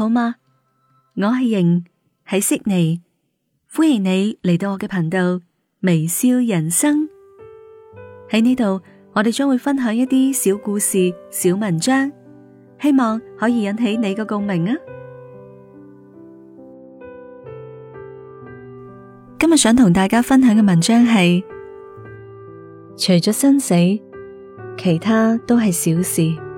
好嗎？我係瑩，喺悉尼，歡迎你嚟到我嘅頻道微笑人生。喺呢度，我哋將會分享一啲小故事、小文章，希望可以引起你嘅共鳴啊！今日想同大家分享嘅文章係：除咗生死，其他都係小事。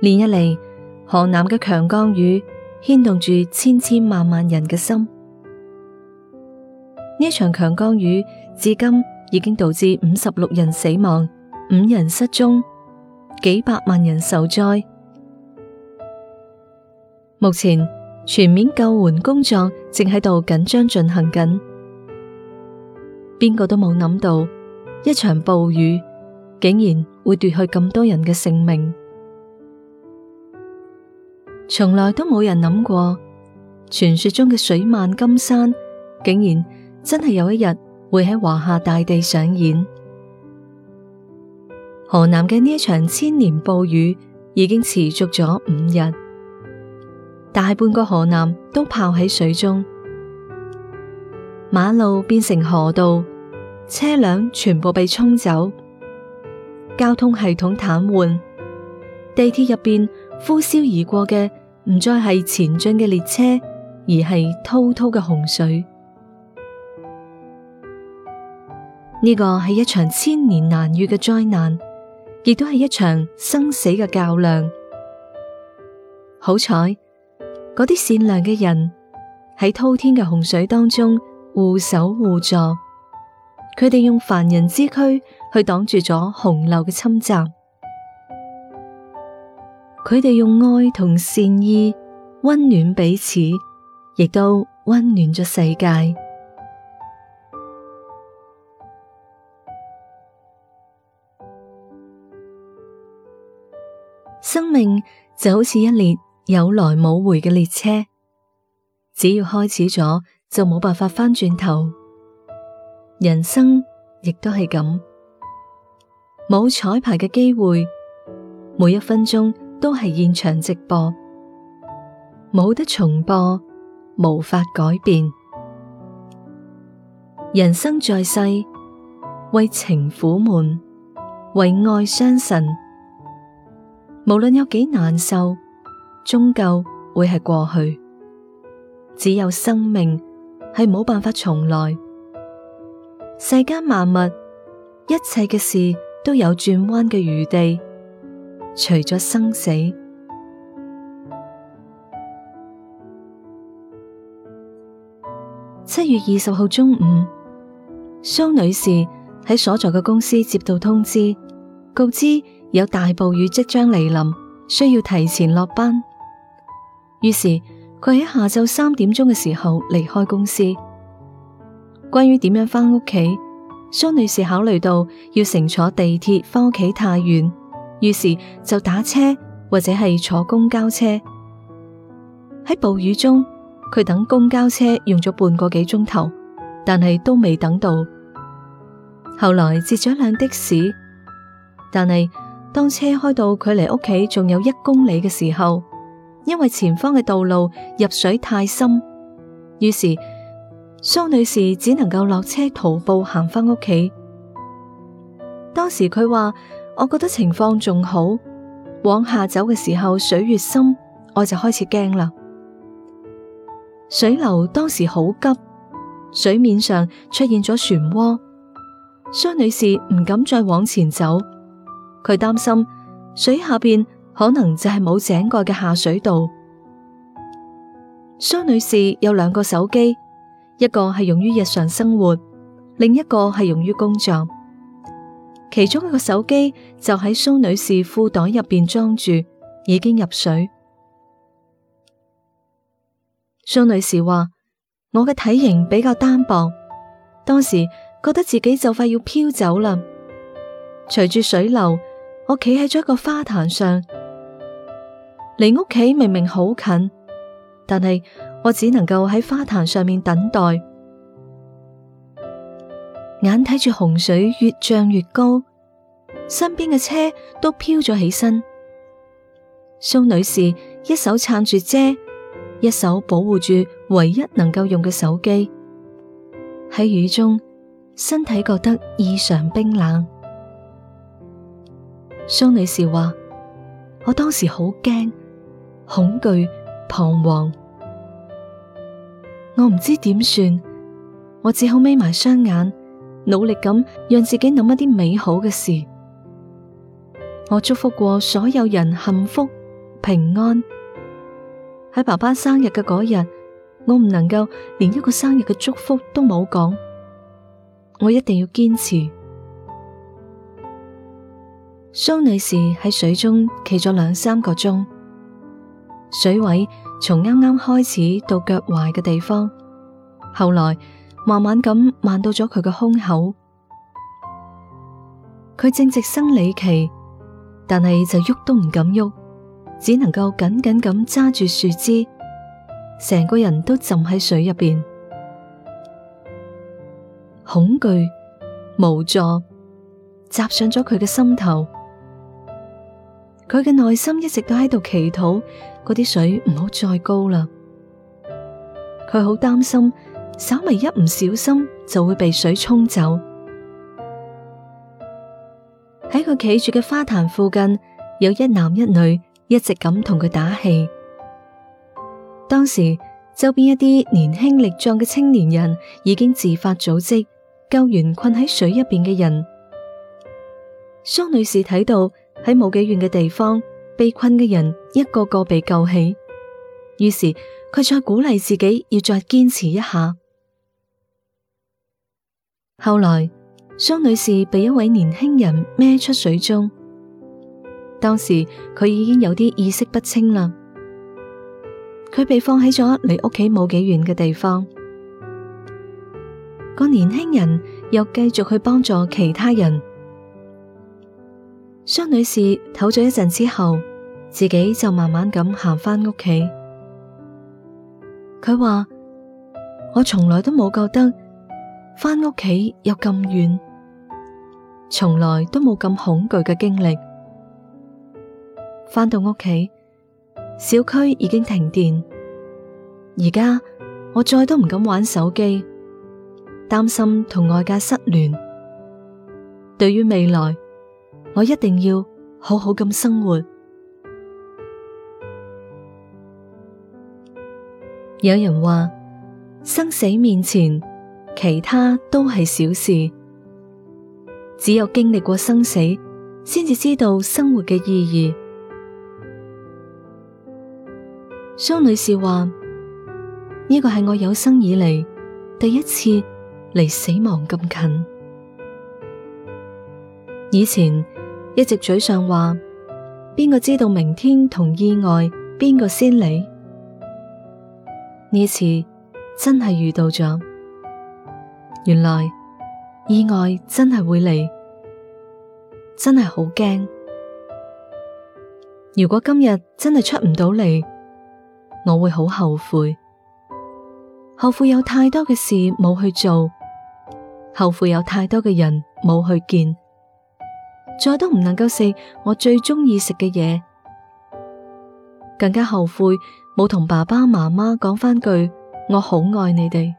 連一嚟河南嘅強降雨牽動住千千萬萬人嘅心。呢一場強降雨至今已經導致五十六人死亡、五人失蹤、幾百萬人受災。目前全面救援工作正喺度緊張進行緊。邊個都冇諗到，一場暴雨竟然會奪去咁多人嘅性命。從來都冇人諗過，傳說中嘅水漫金山，竟然真係有一日會喺華夏大地上演。河南嘅呢一場千年暴雨已經持續咗五日，大半個河南都泡喺水中，馬路變成河道，車輛全部被沖走，交通系統癱瘓，地鐵入邊。呼嘯而過嘅唔再係前進嘅列車，而係滔滔嘅洪水。呢個係一場千年難遇嘅災難，亦都係一場生死嘅較量。好彩，嗰啲善良嘅人喺滔天嘅洪水當中互守互助，佢哋用凡人之軀去擋住咗洪流嘅侵襲。佢哋用愛同善意溫暖彼此，亦都溫暖咗世界。生命就好似一列有來冇回嘅列車，只要開始咗就冇辦法翻轉頭。人生亦都係咁，冇彩排嘅機會，每一分鐘。都係現場直播，冇得重播，無法改變。人生在世，為情苦悶，為愛傷神，無論有幾難受，終究會係過去。只有生命係冇辦法重來。世間萬物，一切嘅事都有轉彎嘅餘地。除咗生死，七月二十號中午，蘇女士喺所在嘅公司接到通知，告知有大暴雨即將嚟臨，需要提前落班。於是佢喺下晝三點鐘嘅時候離開公司。關於點樣翻屋企，蘇女士考慮到要乘坐地鐵翻屋企太遠。於是就打車或者係坐公交車。喺暴雨中，佢等公交車用咗半個幾鐘頭，但係都未等到。後來截咗輛的士，但係當車開到距離屋企仲有一公里嘅時候，因為前方嘅道路入水太深，於是蘇女士只能夠落車徒步行返屋企。當時佢話。我覺得情況仲好，往下走嘅時候水越深，我就開始驚啦。水流當時好急，水面上出現咗漩渦，雙女士唔敢再往前走，佢擔心水下邊可能就係冇井蓋嘅下水道。雙女士有兩個手機，一個係用於日常生活，另一個係用於工作。其中一個手機就喺蘇女士褲袋入邊裝住，已經入水。蘇女士話：我嘅體型比較單薄，當時覺得自己就快要飄走啦。隨住水流，我企喺咗一個花壇上，離屋企明明好近，但係我只能夠喺花壇上面等待。眼睇住洪水越漲越高，身邊嘅車都飄咗起身。蘇女士一手撐住遮，一手保護住唯一能夠用嘅手機。喺雨中，身體覺得異常冰冷。蘇女士話：我當時好驚，恐懼、彷徨，我唔知點算，我只好眯埋雙眼。努力咁讓自己諗一啲美好嘅事。我祝福過所有人幸福平安。喺爸爸生日嘅嗰日，我唔能夠連一個生日嘅祝福都冇講，我一定要堅持。蘇女士喺水中企咗兩三個鐘，水位從啱啱開始到腳踝嘅地方，後來。慢慢咁漫到咗佢嘅胸口，佢正值生理期，但係就喐都唔敢喐，只能夠緊緊咁揸住樹枝，成個人都浸喺水入邊，恐懼無助襲上咗佢嘅心頭，佢嘅內心一直都喺度祈禱嗰啲水唔好再高啦，佢好擔心。稍微一唔小心就會被水沖走。喺佢企住嘅花壇附近，有一男一女一直咁同佢打氣。當時，周邊一啲年輕力壯嘅青年人已經自發組織救援困喺水入邊嘅人。蘇女士睇到喺冇幾遠嘅地方，被困嘅人一個個被救起，於是，佢再鼓勵自己要再堅持一下。後來，商女士被一位年輕人孭出水中，當時佢已經有啲意識不清啦。佢被放喺咗離屋企冇幾遠嘅地方。個年輕人又繼續去幫助其他人。商女士唞咗一陣之後，自己就慢慢咁行翻屋企。佢話：我從來都冇覺得翻屋企有咁遠，從來都冇咁恐懼嘅經歷。翻到屋企，小區已經停電，而家我再都唔敢玩手機，擔心同外界失聯。對於未來，我一定要好好咁生活。有人話，生死面前，其他都係小事。只有經歷過生死，先至知道生活嘅意義。蘇女士話，呢個係我有生以嚟第一次離死亡咁近。以前一直嘴上話，邊個知道明天同意外，邊個先嚟？呢次真係遇到咗，原來意外真係會嚟，真係好驚。如果今日真係出唔到嚟，我會好後悔，後悔有太多嘅事冇去做，後悔有太多嘅人冇去見，再都唔能夠食我最中意食嘅嘢，更加後悔。冇同爸爸媽媽講翻句，我好愛你哋。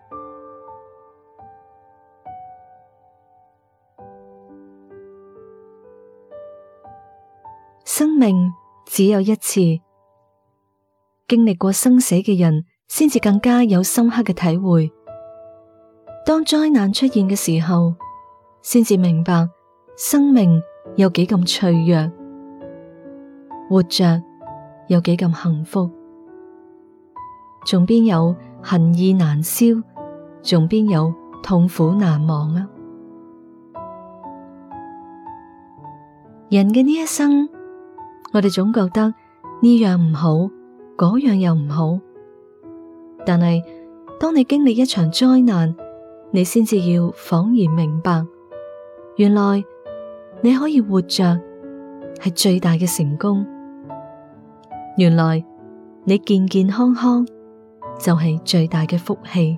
生命只有一次，經歷過生死嘅人先至更加有深刻嘅體會。當災難出現嘅時候，先至明白生命有幾咁脆弱，活着有幾咁幸福。仲邊有恨意難消，仲邊有痛苦難忘啊！人嘅呢一生，我哋總覺得呢樣唔好，嗰樣又唔好。但係當你經歷一場災難，你先至要恍然明白，原來你可以活着係最大嘅成功。原來你健健康康。就係最大嘅福氣，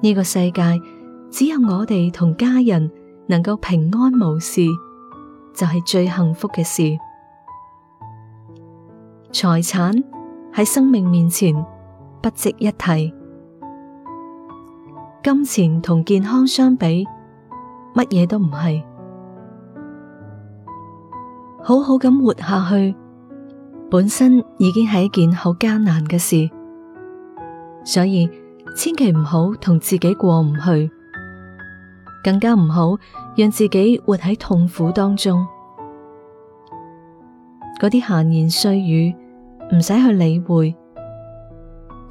呢個世界，只有我哋同家人能夠平安無事，就係最幸福嘅事。財產喺生命面前不值一提，金錢同健康相比，乜嘢都唔係。好好咁活下去。本身已經係一件好艱難嘅事，所以千祈唔好同自己過唔去，更加唔好讓自己活喺痛苦當中。嗰啲閒言碎語唔使去理會，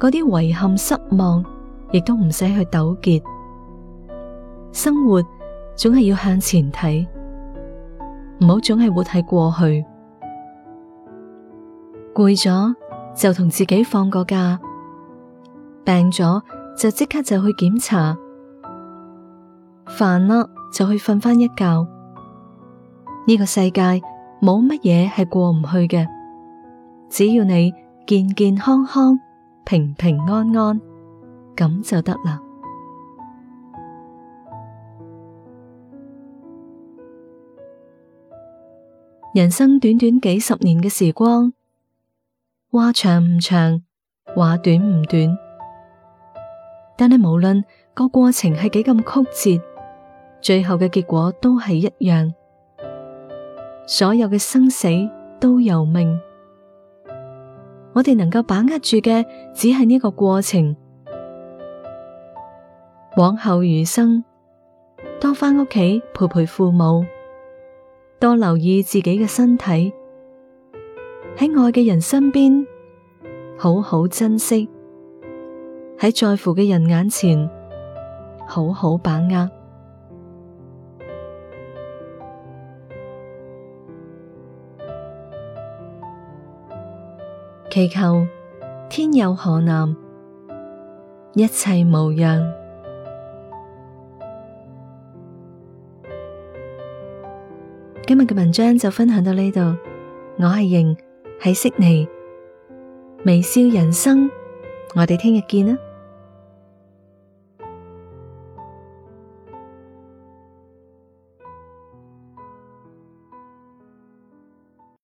嗰啲遺憾失望亦都唔使去糾結。生活總係要向前睇，唔好總係活喺過去。攰咗就同自己放個假，病咗就即刻就去檢查，煩啦就去瞓翻一覺。呢個世界冇乜嘢係過唔去嘅，只要你健健康康、平平安安，咁就得啦。人生短短幾十年嘅時光。話長唔長，話短唔短，但係無論個過程係幾咁曲折，最後嘅結果都係一樣。所有嘅生死都由命，我哋能夠把握住嘅只係呢個過程。往後餘生，多返屋企陪陪父母，多留意自己嘅身體。喺愛嘅人身邊，好好珍惜；喺在乎嘅人眼前，好好把握。祈求天佑河南，一切無恙。今日嘅文章就分享到呢度，我係瑩。喺悉尼微笑人生，我哋聽日見啦。